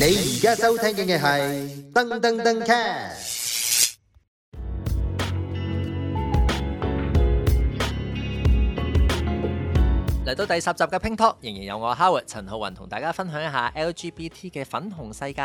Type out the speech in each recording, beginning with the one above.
你而家收聽緊嘅係噔噔噔 cast，嚟到第十集嘅 Pink Talk，仍然有我 Howard 陳浩雲同大家分享一下 LGBT 嘅粉紅世界，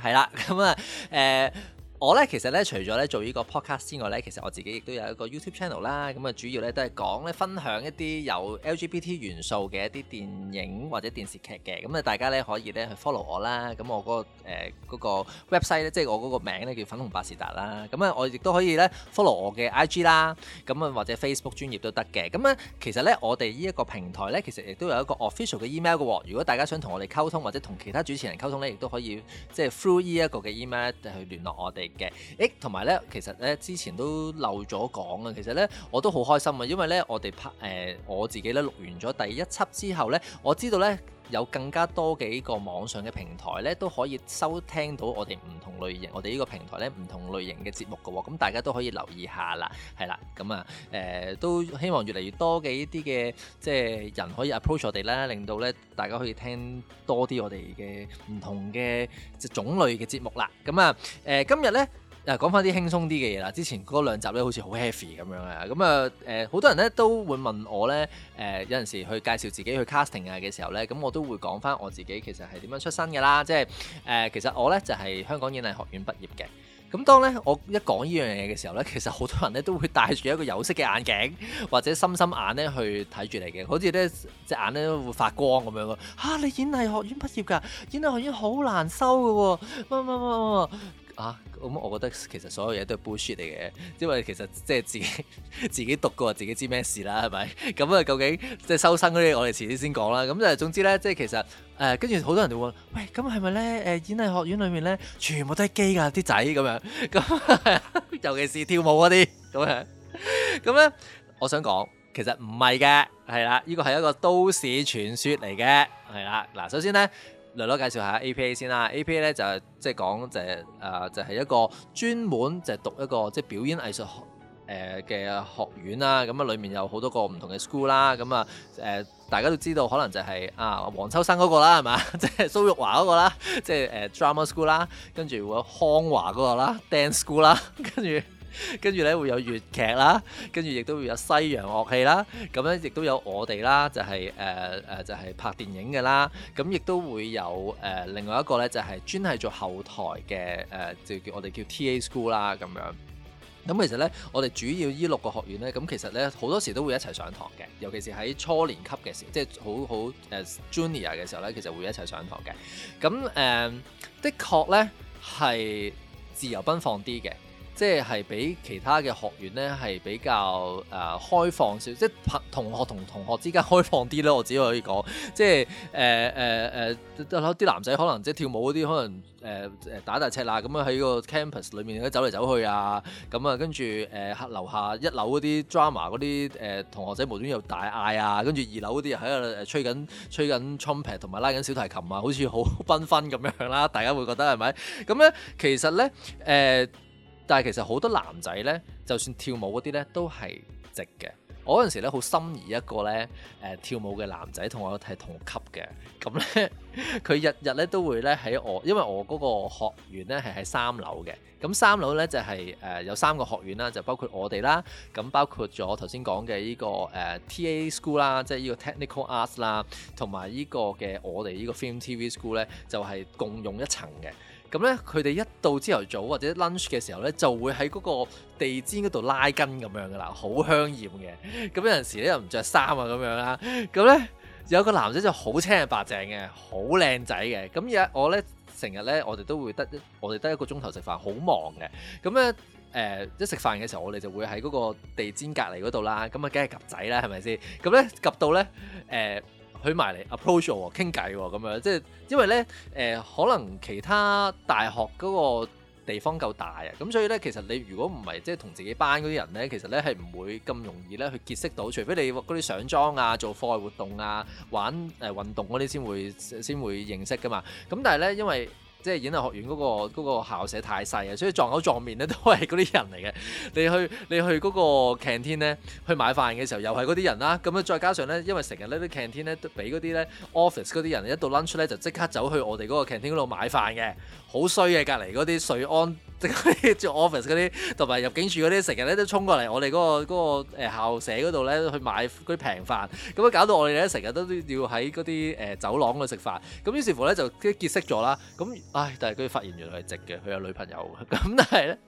係啦，咁啊，誒。我咧其實咧，除咗咧做呢個 podcast 之外咧，其實我自己亦都有一個 YouTube channel 啦。咁、嗯、啊，主要咧都係講咧分享一啲有 LGBT 元素嘅一啲電影或者電視劇嘅。咁、嗯、啊，大家咧可以咧去 follow 我啦。咁、嗯、我、嗰個誒、呃嗰個 website 咧，即係我個名咧叫粉紅百事達啦。咁、嗯、啊，我亦都可以咧 follow 我嘅 IG 啦。咁、嗯、啊，或者 Facebook 專業都得嘅。咁、嗯、啊，其實咧我哋呢一個平台咧，其實亦都有一個 official 嘅 email 嘅。如果大家想同我哋溝通或者同其他主持人溝通咧，亦都可以即係 through 呢一個嘅 email 去聯絡我哋。嘅，誒，同埋咧，其實咧，之前都漏咗講啊，其實咧，我都好開心啊，因為咧，我哋拍誒、呃，我自己咧錄完咗第一輯之後咧，我知道咧。有更加多嘅呢個網上嘅平台咧，都可以收聽到我哋唔同類型，我哋呢個平台咧唔同類型嘅節目嘅喎，咁大家都可以留意下啦，係啦，咁啊，誒、呃、都希望越嚟越多嘅一啲嘅即係人可以 approach 我哋啦，令到咧大家可以聽多啲我哋嘅唔同嘅種類嘅節目啦，咁啊誒、呃、今日咧。嗱，講翻啲輕鬆啲嘅嘢啦。之前嗰兩集咧，好似好 heavy 咁樣啊。咁、呃、啊，誒，好多人咧都會問我咧，誒、呃，有陣時去介紹自己去 casting 啊嘅時候咧，咁我都會講翻我自己其實係點樣出身嘅啦。即係誒、呃，其實我咧就係、是、香港演藝學院畢業嘅。咁當咧我一講呢樣嘢嘅時候咧，其實好多人咧都會戴住一個有色嘅眼鏡或者心心眼咧去睇住你嘅，好似咧隻眼咧會發光咁樣咯。你演藝學院畢業㗎？演藝學院好難收㗎喎、哦！乜乜乜。啊，咁我覺得其實所有嘢都係 bullshit 嚟嘅，因為其實即係自己自己讀過，自己知咩事啦，係咪？咁、嗯、啊，究竟即係收生嗰啲，我哋遲啲先講啦。咁就誒，總之咧，即係其實誒，跟住好多人就話：喂，咁係咪咧？誒、呃，演藝學院裏面咧，全部都係基㗎啲仔咁樣。咁尤其是跳舞嗰啲咁樣。咁咧，我想講，其實唔係嘅，係啦，呢個係一個都市傳說嚟嘅，係啦。嗱，首先咧。嚟咯，來來介紹下 APA 先啦。APA 咧就係即係講就係誒，就係、呃、一個專門就係讀一個即係表演藝術學誒、呃、嘅學院啦。咁啊，裏面有好多個唔同嘅 school 啦。咁啊誒，大家都知道可能就係啊黃秋生嗰個啦，係嘛？即係蘇玉華嗰個啦，即係誒 drama school 啦，跟住會康華嗰個啦，dance school 啦，跟住。跟住咧會有粵劇啦，跟住亦都會有西洋樂器啦，咁咧亦都有我哋啦，就係誒誒，就係、是、拍電影嘅啦，咁亦都會有誒、呃、另外一個咧，就係專係做後台嘅誒、呃，就叫我哋叫 TA School 啦咁樣。咁其實咧，我哋主要依六個學院咧，咁其實咧好多時都會一齊上堂嘅，尤其是喺初年級嘅時候，即係好好誒 Junior 嘅時候咧，其實會一齊上堂嘅。咁誒、呃、的確咧係自由奔放啲嘅。即係係比其他嘅學院咧係比較誒、呃、開放少，即係同學同同學之間開放啲咧。我只可以講，即係誒誒誒，啲、呃呃呃、男仔可能即係跳舞嗰啲，可能誒誒、呃、打大赤啦咁樣喺個 campus 裏面而家走嚟走去啊。咁啊，跟住誒樓下一樓嗰啲 drama 嗰啲誒、呃、同學仔無端端又大嗌啊，跟住二樓嗰啲喺度吹緊吹緊 trumpet 同埋拉緊小提琴啊，好似好繽紛咁樣啦。大家會覺得係咪咁咧？其實咧誒，呃呃呃但係其實好多男仔咧，就算跳舞嗰啲咧都係直嘅。我嗰陣時咧好心儀一個咧，誒、呃、跳舞嘅男仔同我係同級嘅。咁咧佢日日咧都會咧喺我，因為我嗰個學院咧係喺三樓嘅。咁三樓咧就係、是、誒、呃、有三個學院啦，就包括我哋啦。咁包括咗頭先講嘅依個誒、呃、T.A. School 啦，即係依個 Technical Arts 啦，同埋依個嘅我哋呢個 Film TV School 咧，就係、是、共用一層嘅。咁咧，佢哋一到朝頭早或者 lunch 嘅時候咧，就會喺嗰個地氈嗰度拉筋咁樣噶啦，好香豔嘅。咁有陣時咧又唔着衫啊咁樣啦。咁咧有個男仔就好青白淨嘅，好靚仔嘅。咁而家我咧成日咧，我哋都會得，我哋得一個鐘頭食飯，好忙嘅。咁咧誒，一食飯嘅時候，我哋就會喺嗰個地氈隔離嗰度啦。咁啊，梗係夾仔啦，係咪先？咁咧夾到咧誒。呃佢埋嚟 approach 我傾偈喎，咁、啊、樣即係因為咧，誒、呃、可能其他大學嗰個地方夠大啊，咁所以咧，其實你如果唔係即係同自己班嗰啲人咧，其實咧係唔會咁容易咧去結識到，除非你嗰啲上莊啊、做課外活動啊、玩誒、呃、運動嗰啲先會先會認識㗎嘛。咁但係咧，因為即係演藝學院嗰個嗰個校舍太細啊，所以撞口撞面咧都係嗰啲人嚟嘅。你去你去嗰個 canteen 咧去買飯嘅時候，又係嗰啲人啦。咁啊，再加上咧，因為成日呢啲 canteen 咧都俾嗰啲咧 office 嗰啲人一到 lunch 咧就即刻走去我哋嗰個 canteen 嗰度買飯嘅，好衰嘅。隔離嗰啲瑞安。即啲 office 嗰啲，同埋 入境處嗰啲，成日咧都衝過嚟我哋嗰、嗰個嗰、嗰個、校舍嗰度咧去買嗰啲平飯，咁樣搞到我哋咧成日都都要喺嗰啲誒走廊度食飯，咁於是乎咧就啲結識咗啦。咁唉、哎，但係佢發現原來係直嘅，佢有女朋友。咁但係咧。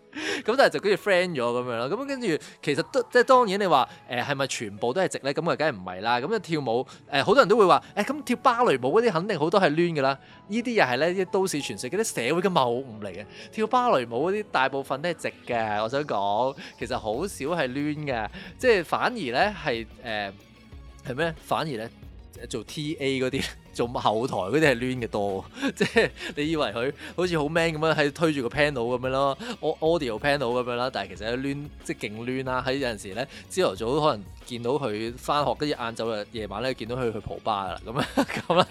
咁 但係就跟住 friend 咗咁樣咯，咁跟住其實都即係當然你話誒係咪全部都係直咧？咁啊，梗係唔係啦？咁啊，跳舞誒好、呃、多人都會話誒咁跳芭蕾舞嗰啲肯定好多係攣嘅啦。呢啲又係咧啲都市傳説，嗰啲社會嘅謬誤嚟嘅。跳芭蕾舞嗰啲大部分都係直嘅，我想講其實好少係攣嘅，即係反而咧係誒係咩？反而咧。做 TA 嗰啲，做後台嗰啲係攣嘅多的，即係你以為佢好似好 man 咁樣喺推住個 panel 咁樣咯，audio panel 咁樣啦，但係其實係攣，即係勁攣啦。喺有陣時咧，朝頭早可能見到佢返學，跟住晏晝啊夜晚咧見到佢去蒲吧啦，咁啊咁啦。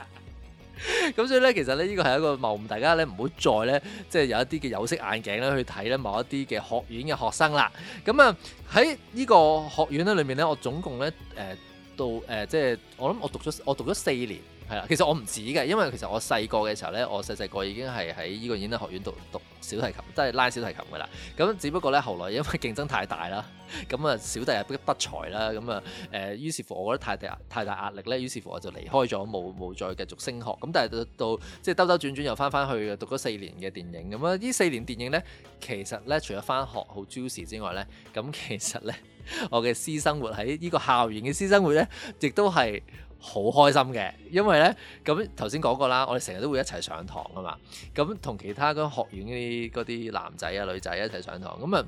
咁所以咧，其實呢，呢個係一個謬誤，大家咧唔好再咧即係有一啲嘅有色眼鏡咧去睇咧某一啲嘅學院嘅學生啦。咁啊喺呢個學院咧裏面咧，我總共咧誒。呃到誒、呃，即係我諗，我讀咗我讀咗四年，係啦。其實我唔止嘅，因為其實我細個嘅時候咧，我細細個已經係喺呢個演藝學院讀讀小提琴，即係拉小提琴嘅啦。咁只不過咧，後來因為競爭太大啦，咁啊小弟啊不不才啦，咁啊誒，於、呃、是乎我覺得太大太大壓力咧，於是乎我就離開咗，冇冇再繼續升學。咁但係到即係兜兜轉轉又翻翻去讀咗四年嘅電影。咁啊，呢四年電影咧，其實咧除咗翻學好 juicy 之外咧，咁其實咧。我嘅私生活喺呢個校園嘅私生活呢，亦都係好開心嘅，因為呢，咁頭先講過啦，我哋成日都會一齊上堂啊嘛，咁同其他嗰學院嗰啲嗰啲男仔啊女仔一齊上堂，咁啊～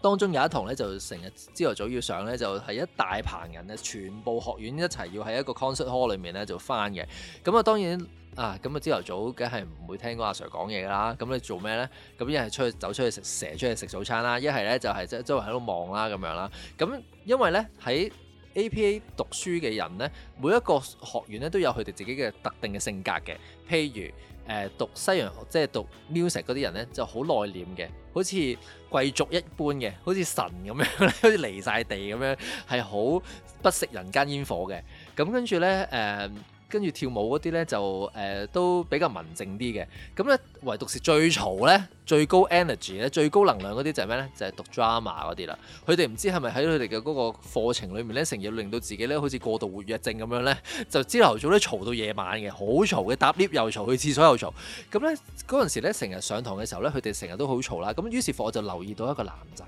當中有一堂咧，就成日朝頭早要上咧，就係一大棚人咧，全部學院一齊要喺一個 concert hall 裏面咧就翻嘅。咁啊，當然啊，咁啊，朝頭早梗係唔會聽個阿 Sir 講嘢啦。咁你做咩咧？咁一係出去走出去食蛇，出去食早餐啦。一係咧就係即係周圍喺度望啦咁樣啦。咁因為咧喺 APA 讀書嘅人咧，每一個學院咧都有佢哋自己嘅特定嘅性格嘅，譬如。誒讀西洋即係讀 music 嗰啲人咧就好內斂嘅，好似貴族一般嘅，好似神咁樣，好似離晒地咁樣，係好不食人間煙火嘅。咁跟住咧，誒跟住跳舞嗰啲咧就誒、呃、都比較文靜啲嘅。咁咧唯獨是最嘈咧。最高 energy 咧，最高能量嗰啲就係咩咧？就係讀 drama 嗰啲啦。佢哋唔知係咪喺佢哋嘅嗰個課程裏面咧，成日令到自己咧好似過度活躍症咁樣咧，就朝頭早咧嘈到夜晚嘅，好嘈嘅，搭 lift 又嘈，去廁所又嘈。咁咧嗰陣時咧，成日上堂嘅時候咧，佢哋成日都好嘈啦。咁於是乎我就留意到一個男仔。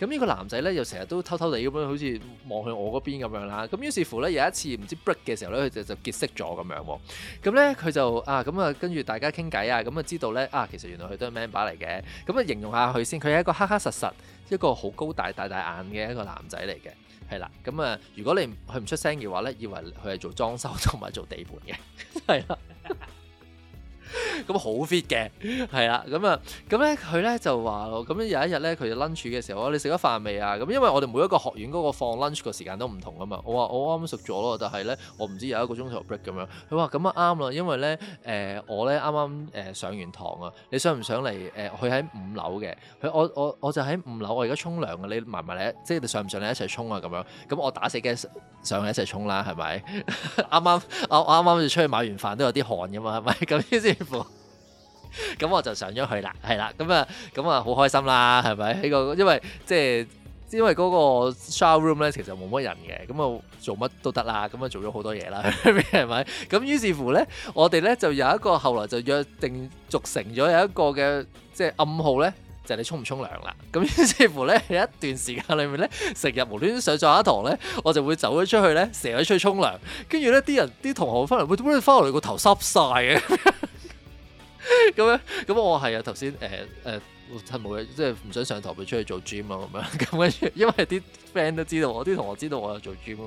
咁呢個男仔咧，又成日都偷偷哋咁樣好似望向我嗰邊咁樣啦。咁於是乎咧，有一次唔知 break 嘅時候咧，佢哋就結識咗咁樣，咁咧佢就啊咁啊，跟住大家傾偈啊，咁啊知道咧啊，其實原來佢都係 member。嚟嘅，咁啊形容下佢先，佢係一個黑黑實實，一個好高大大大眼嘅一個男仔嚟嘅，係啦，咁啊，如果你佢唔出聲嘅話咧，以為佢係做裝修同埋做地盤嘅，係啦。咁好 fit 嘅，係啦，咁啊，咁咧佢咧就話咯，咁有一日咧佢就 lunch 嘅時候，你食咗飯未啊？咁因為我哋每一個學院嗰個放 lunch 嘅時間都唔同噶嘛，我話我啱啱食咗咯，但係咧我唔知有一個鐘頭 break 咁樣，佢話咁啊啱啦，因為咧誒、呃、我咧啱啱誒上完堂啊，你想唔想嚟誒，佢喺五樓嘅？我我我就喺五樓，我而家沖涼啊，你埋埋咧？即係上唔上嚟一齊沖啊？咁樣，咁我打死嘅上嚟一齊沖啦，係咪？啱啱我啱啱要出去買完飯都有啲汗噶嘛，係咪？咁於是咁我就上咗去啦，係啦，咁啊，咁啊，好開心啦，係咪？呢個因為即係，因為嗰、就是、個 showroom 咧，其實冇乜人嘅，咁啊，做乜都得啦，咁啊，做咗好多嘢啦，係咪？咁於是乎咧，我哋咧就有一個後來就約定俗成咗有一個嘅即係暗號咧，就係、你沖唔沖涼啦？咁於是乎咧，有一段時間裏面咧，成日無端端上咗一堂咧，我就會走咗出去咧，成日出去沖涼，跟住咧啲人啲同學翻嚟，喂，點解翻嚟個頭濕晒嘅？咁樣，咁我係啊，頭先誒誒，冇、嗯呃呃、即係唔想上台佢出去做 gym 咯，咁樣咁跟住，因為啲 friend 都知道我，我啲同學知道我有做 gym，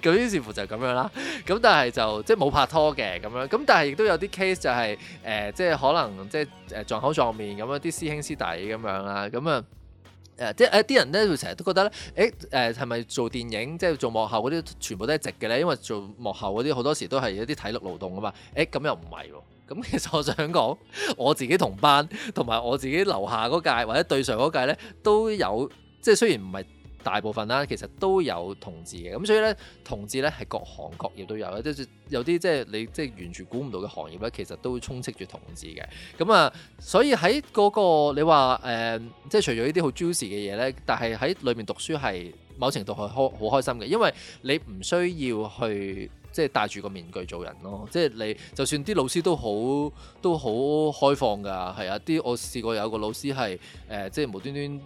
咁於是乎就咁樣啦。咁但係就即係冇拍拖嘅，咁樣咁，但係亦都有啲 case 就係、是、誒、呃，即係可能即係誒撞口撞面咁樣，啲師兄師弟咁樣啦，咁啊誒，即係誒啲人咧，佢成日都覺得咧，誒誒係咪做電影即係做幕後嗰啲全部都係直嘅咧？因為做幕後嗰啲好多時都係一啲體力勞動㗎嘛，誒咁又唔係。咁其實我想講，我自己同班，同埋我自己樓下嗰屆或者對上嗰屆咧，都有即係雖然唔係大部分啦，其實都有同志嘅。咁所以呢，同志呢係各行各業都有啦，即係有啲即係你即係完全估唔到嘅行業呢，其實都充斥住同志嘅。咁啊，所以喺嗰個你話誒、呃，即係除咗呢啲好 juicy 嘅嘢呢，但係喺裏面讀書係某程度係開好開心嘅，因為你唔需要去。即係戴住個面具做人咯，即係你就算啲老師都好都好開放㗎，係啊！啲我試過有個老師係誒、呃，即係無端端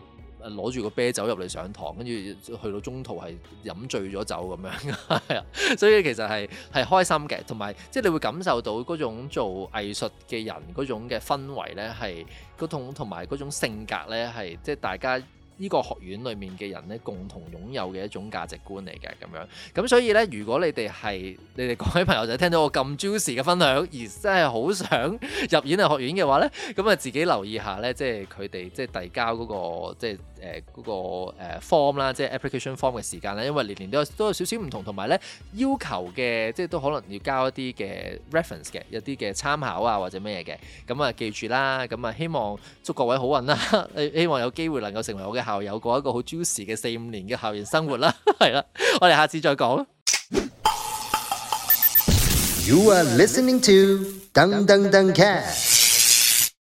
攞住個啤酒入嚟上堂，跟住去到中途係飲醉咗酒咁樣，係啊！所以其實係係開心嘅，同埋即係你會感受到嗰種做藝術嘅人嗰種嘅氛圍呢係嗰種同埋嗰種性格呢係即係大家。呢個學院裏面嘅人咧，共同擁有嘅一種價值觀嚟嘅咁樣。咁所以咧，如果你哋係你哋各位朋友就聽到我咁 juicy 嘅分享，而真係好想入演藝學院嘅話咧，咁啊自己留意下咧，即係佢哋即係遞交、嗰個即係誒個誒 form 啦，即係、呃嗰個呃、application form 嘅時間咧，因為年年都有都有少少唔同，同埋咧要求嘅即係都可能要交一啲嘅 reference 嘅一啲嘅參考啊或者咩嘅。咁啊記住啦，咁啊希望祝各位好運啦，希望有機會能夠成為我嘅。校友過一個好 juicy 嘅四五年嘅校園生活啦，係 啦，我哋下次再講。You are